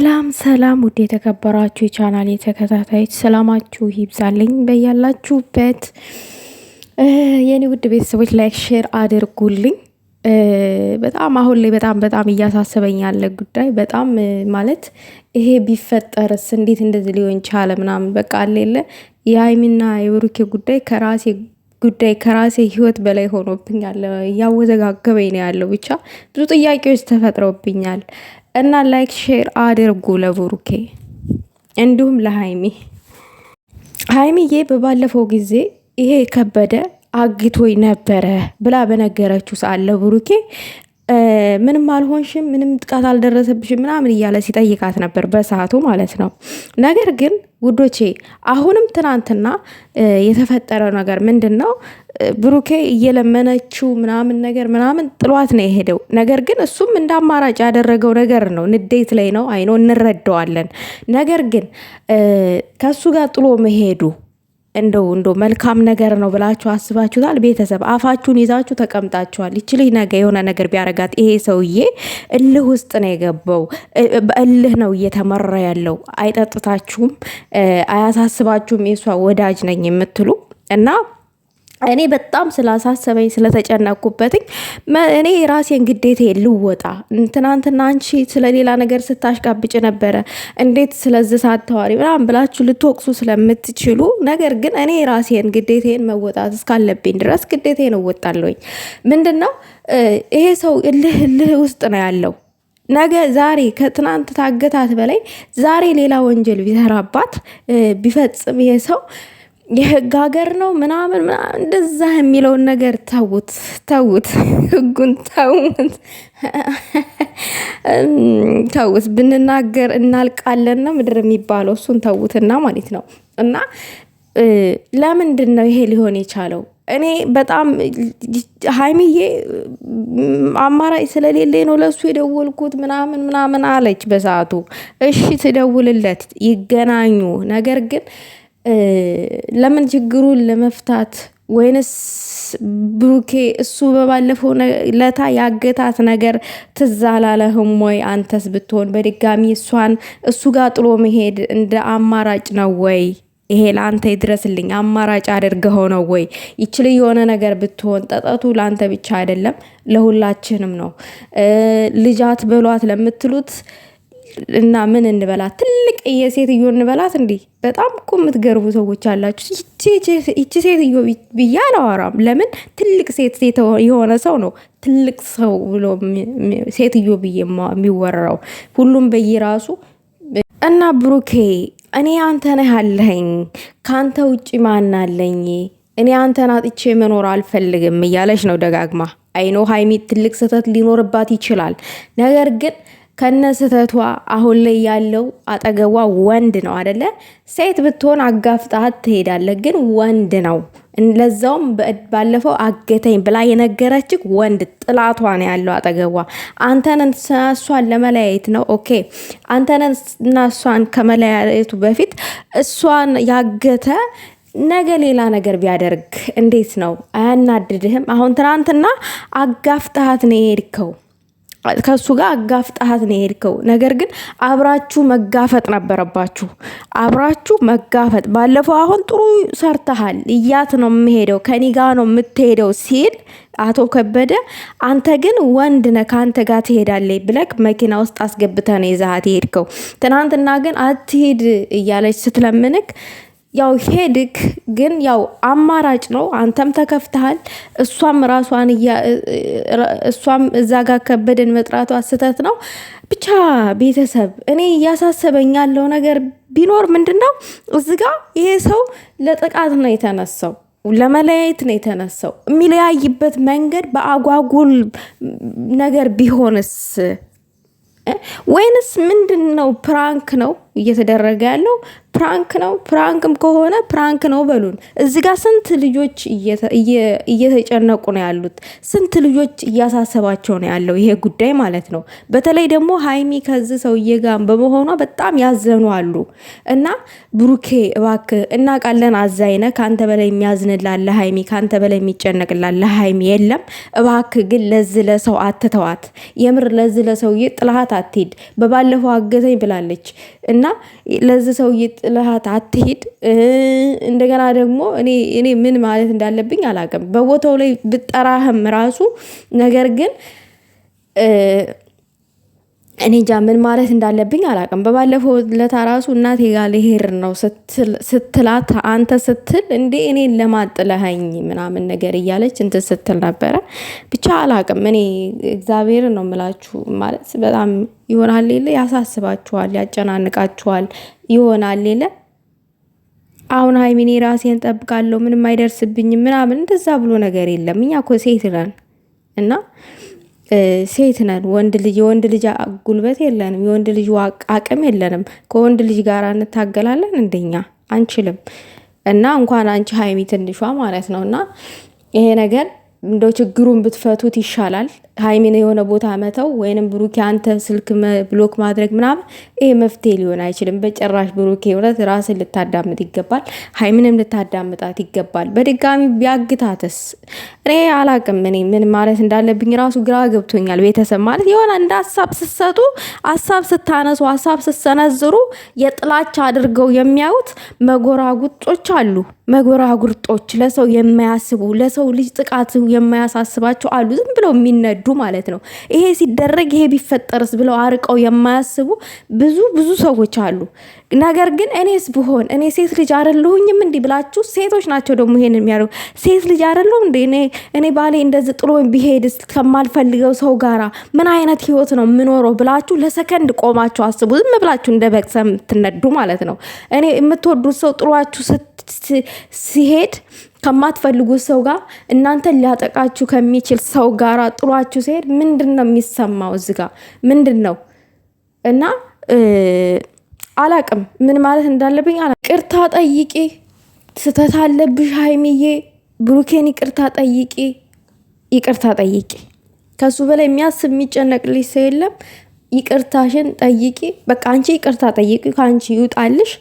ሰላም ሰላም ውድ የተከበራችሁ የቻናል የተከታታዮች ሰላማችሁ ይብዛልኝ በያላችሁበት። የኔ ውድ ቤተሰቦች ላይክ ሼር አድርጉልኝ። በጣም አሁን ላይ በጣም በጣም እያሳሰበኝ ያለ ጉዳይ በጣም ማለት ይሄ ቢፈጠርስ እንዴት እንደዚህ ሊሆን ቻለ ምናምን በቃ አሌለ የሀይሚና የብሩኬ ጉዳይ ከራሴ ጉዳይ ከራሴ ህይወት በላይ ሆኖብኛል። እያወዘጋገበኝ ነው ያለው። ብቻ ብዙ ጥያቄዎች ተፈጥረውብኛል። እና ላይክ ሼር አድርጉ ለቡሩኬ እንዲሁም ለሀይሚ። ሀይሚዬ በባለፈው ጊዜ ይሄ ከበደ አግቶኝ ነበረ ብላ በነገረችው ሰዓት ለቡሩኬ ምንም አልሆንሽም፣ ምንም ጥቃት አልደረሰብሽም ምናምን እያለ ሲጠይቃት ነበር በሰዓቱ ማለት ነው። ነገር ግን ውዶቼ አሁንም ትናንትና የተፈጠረው ነገር ምንድን ነው? ብሩኬ እየለመነችው ምናምን ነገር ምናምን ጥሏት ነው የሄደው። ነገር ግን እሱም እንደ አማራጭ ያደረገው ነገር ነው። ንዴት ላይ ነው አይኖ እንረዳዋለን። ነገር ግን ከእሱ ጋር ጥሎ መሄዱ እንደው እንደው መልካም ነገር ነው ብላችሁ አስባችሁታል? ቤተሰብ አፋችሁን ይዛችሁ ተቀምጣችኋል። ይች ልጅ ነገ የሆነ ነገር ቢያረጋት ይሄ ሰውዬ እልህ ውስጥ ነው የገባው። በእልህ ነው እየተመራ ያለው። አይጠጥታችሁም፣ አያሳስባችሁም። የሷ ወዳጅ ነኝ የምትሉ እና እኔ በጣም ስላሳሰበኝ ስለተጨነኩበትኝ እኔ የራሴን ግዴታ ልወጣ። ትናንትና አንቺ ስለሌላ ነገር ስታሽቃብጭ ነበረ፣ እንዴት ስለዚህ ሳታዋሪ ምናምን ብላችሁ ልትወቅሱ ስለምትችሉ፣ ነገር ግን እኔ ራሴን ግዴታን መወጣት እስካለብኝ ድረስ ግዴታን እወጣለሁኝ። ምንድን ነው ይሄ ሰው እልህ እልህ ውስጥ ነው ያለው። ነገ ዛሬ ከትናንት ታገታት በላይ ዛሬ ሌላ ወንጀል ቢሰራባት ቢፈጽም ይሄ ሰው የህግ ሀገር ነው ምናምን ምናምን እንደዛ የሚለውን ነገር ተውት ተውት፣ ህጉን ተውት ተውት። ብንናገር እናልቃለን ነው ምድር የሚባለው እሱን ተውትና ማለት ነው። እና ለምንድን ነው ይሄ ሊሆን የቻለው? እኔ በጣም ሀይሚዬ አማራጭ ስለሌለ ነው ለሱ የደወልኩት ምናምን ምናምን አለች በሰዓቱ። እሺ ትደውልለት፣ ይገናኙ ነገር ግን ለምን ችግሩን ለመፍታት ወይንስ ብሩኬ እሱ በባለፈው ለታ ያገታት ነገር ትዝ አላለህም ወይ? አንተስ ብትሆን በድጋሚ እሷን እሱ ጋር ጥሎ መሄድ እንደ አማራጭ ነው ወይ? ይሄ ለአንተ ይድረስልኝ አማራጭ አድርገ ነው ወይ? ይችል የሆነ ነገር ብትሆን ጠጠቱ ለአንተ ብቻ አይደለም ለሁላችንም ነው። ልጃት በሏት ለምትሉት እና ምን እንበላት? ትልቅ የሴትዮ እንበላት? እንዲህ በጣም እኮ የምትገርቡ ሰዎች አላችሁ። ይቺ ሴትዮ ብዬ አላወራም። ለምን ትልቅ ሴት የሆነ ሰው ነው ትልቅ ሰው ብሎ ሴትዮ ብዬ የሚወራው ሁሉም በየራሱ እና ብሩኬ፣ እኔ አንተ ነህ ከአንተ ውጭ ማን አለኝ? እኔ አንተን አጥቼ መኖር አልፈልግም እያለች ነው ደጋግማ። አይኖ ሀይሚ ትልቅ ስህተት ሊኖርባት ይችላል፣ ነገር ግን ከነስተቷ አሁን ላይ ያለው አጠገቧ ወንድ ነው አደለ? ሴት ብትሆን አጋፍጣት ትሄዳለህ፣ ግን ወንድ ነው። ለዛውም ባለፈው አገተኝ ብላ የነገረችህ ወንድ ጥላቷ ነው ያለው አጠገቧ። አንተን እሷን ለመለያየት ነው። ኦኬ፣ አንተን እና እሷን ከመለያየቱ በፊት እሷን ያገተ ነገ ሌላ ነገር ቢያደርግ እንዴት ነው? አያናድድህም? አሁን ትናንትና አጋፍጣት ነው የሄድከው። ከእሱ ጋር አጋፍጠሃት ነው የሄድከው። ነገር ግን አብራችሁ መጋፈጥ ነበረባችሁ። አብራችሁ መጋፈጥ ባለፈው አሁን ጥሩ ሰርተሃል። እያት ነው የምሄደው ከኔ ጋ ነው የምትሄደው ሲል አቶ ከበደ፣ አንተ ግን ወንድ ነህ ከአንተ ጋር ትሄዳለች ብለክ መኪና ውስጥ አስገብተ ነው ይዘሃት የሄድከው። ትናንትና ግን አትሄድ እያለች ስትለምንክ ያው ሄድክ ግን ያው አማራጭ ነው። አንተም ተከፍተሃል፣ እሷም ራሷን እሷም እዛ ጋር ከበደን መጥራቷ ስህተት ነው። ብቻ ቤተሰብ እኔ እያሳሰበኝ ያለው ነገር ቢኖር ምንድን ነው እዚ ጋ ይሄ ሰው ለጥቃት ነው የተነሳው ለመለያየት ነው የተነሳው። የሚለያይበት መንገድ በአጓጉል ነገር ቢሆንስ ወይንስ ምንድን ነው? ፕራንክ ነው እየተደረገ ያለው? ፕራንክ ነው። ፕራንክም ከሆነ ፕራንክ ነው በሉን። እዚ ጋር ስንት ልጆች እየተጨነቁ ነው ያሉት፣ ስንት ልጆች እያሳሰባቸው ነው ያለው ይሄ ጉዳይ ማለት ነው። በተለይ ደግሞ ሀይሚ ከዚህ ሰውዬ ጋር በመሆኗ በጣም ያዘኑ አሉ እና ብሩኬ እባክ እናቃለን፣ አዛይነ ከአንተ በላይ የሚያዝንላለ ሀይሚ ከአንተ በላይ የሚጨነቅላለ ሀይሚ የለም። እባክ ግን ለዚህ ለሰው አትተዋት፣ የምር ለዚህ ለሰውዬ ጥላት አትሄድ። በባለፈው አገዘኝ ብላለች እና ለዚ ሰውዬ ጥለሃት አትሂድ። እንደገና ደግሞ እኔ እኔ ምን ማለት እንዳለብኝ አላውቅም። በቦታው ላይ ብጠራህም ራሱ ነገር ግን እኔ እንጃ ምን ማለት እንዳለብኝ አላቅም በባለፈው ለታ ራሱ እናቴ ጋር ልሄድ ነው ስትላት አንተ ስትል እንዴ እኔ ለማጥለኸኝ ምናምን ነገር እያለች እንትን ስትል ነበረ። ብቻ አላቅም እኔ እግዚአብሔር ነው የምላችሁ ማለት በጣም ይሆናል ሌለ ያሳስባችኋል፣ ያጨናንቃችኋል ይሆናል ሌለ አሁን ሀይሚኔ ራሴን ጠብቃለሁ ምንም አይደርስብኝም ምናምን እንደዛ ብሎ ነገር የለም። እኛ እኮ ሴት ነን እና ሴት ነን። ወንድ ልጅ የወንድ ልጅ ጉልበት የለንም። የወንድ ልጅ አቅም የለንም። ከወንድ ልጅ ጋር እንታገላለን እንደኛ አንችልም። እና እንኳን አንቺ ሀይሚ ትንሿ ማለት ነው። እና ይሄ ነገር እንደው ችግሩን ብትፈቱት ይሻላል። ሀይሜን የሆነ ቦታ መተው ወይንም ብሩኬ አንተ ስልክ ብሎክ ማድረግ ምናምን ይሄ መፍትሄ ሊሆን አይችልም በጭራሽ። ብሩኬ እውነት ራስን ልታዳምጥ ይገባል። ሀይምንም ልታዳምጣት ይገባል። በድጋሚ ቢያግታትስ እኔ አላቅም። እኔ ምን ማለት እንዳለብኝ ራሱ ግራ ገብቶኛል። ቤተሰብ ማለት የሆነ እንደ ሀሳብ ስትሰጡ፣ ሀሳብ ስታነሱ፣ ሀሳብ ስትሰነዝሩ የጥላቻ አድርገው የሚያዩት መጎራጉጦች አሉ። መጎራጉርጦች ለሰው የማያስቡ ለሰው ልጅ ጥቃት የማያሳስባቸው አሉ። ዝም ብለው የሚነዱ የሚረዱ ማለት ነው። ይሄ ሲደረግ ይሄ ቢፈጠርስ ብለው አርቀው የማያስቡ ብዙ ብዙ ሰዎች አሉ። ነገር ግን እኔስ ብሆን እኔ ሴት ልጅ አይደለሁኝም እንዲህ ብላችሁ ሴቶች ናቸው ደግሞ ይሄን የሚያደርጉ ሴት ልጅ አይደለሁ እንዴ እኔ ባሌ እንደዚህ ጥሎ ቢሄድስ ከማልፈልገው ሰው ጋራ ምን አይነት ህይወት ነው የምኖረው ብላችሁ ለሰከንድ ቆማችሁ አስቡ። ዝም ብላችሁ እንደ በቅሰ ሰምትነዱ ማለት ነው። እኔ የምትወዱት ሰው ጥሏችሁ ሲሄድ ከማትፈልጉት ሰው ጋር እናንተ ሊያጠቃችሁ ከሚችል ሰው ጋር ጥሏችሁ ሲሄድ ምንድን ነው የሚሰማው? እዚ ጋ ምንድን ነው እና አላቅም ምን ማለት እንዳለብኝ ቅርታ ጠይቂ። ስህተት አለብሽ ሀይሚዬ፣ ብሩኬን ይቅርታ ጠይቂ፣ ይቅርታ ጠይቂ። ከሱ በላይ የሚያስብ የሚጨነቅልሽ ሰው የለም። ይቅርታሽን ጠይቂ። በቃ አንቺ ይቅርታ ጠይቂ፣ ከአንቺ ይውጣልሽ።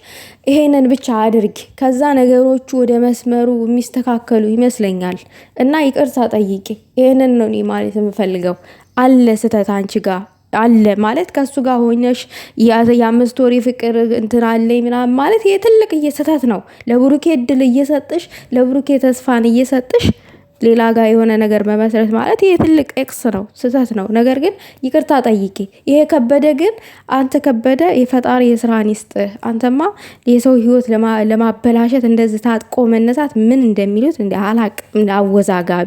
ይሄንን ብቻ አድርጊ። ከዛ ነገሮቹ ወደ መስመሩ የሚስተካከሉ ይመስለኛል። እና ይቅርታ ጠይቂ። ይሄንን ነው እኔ ማለት የምፈልገው። አለ ስህተት አንቺ ጋር አለ ማለት ከእሱ ጋር ሆነሽ የአምስት ወር ፍቅር እንትን አለኝ ምናምን ማለት ይሄ ትልቅ ስህተት ነው። ለብሩኬ እድል እየሰጥሽ ለብሩኬ ተስፋን እየሰጥሽ ሌላ ጋር የሆነ ነገር መመስረት ማለት ይሄ ትልቅ ኤክስ ነው፣ ስህተት ነው። ነገር ግን ይቅርታ ጠይቂ። ይሄ ከበደ ግን አንተ ከበደ የፈጣሪ የስራን ይስጥህ። አንተማ የሰው ህይወት ለማበላሸት እንደዚህ ታጥቆ መነሳት ምን እንደሚሉት እንደ አላቅ አወዛጋቢ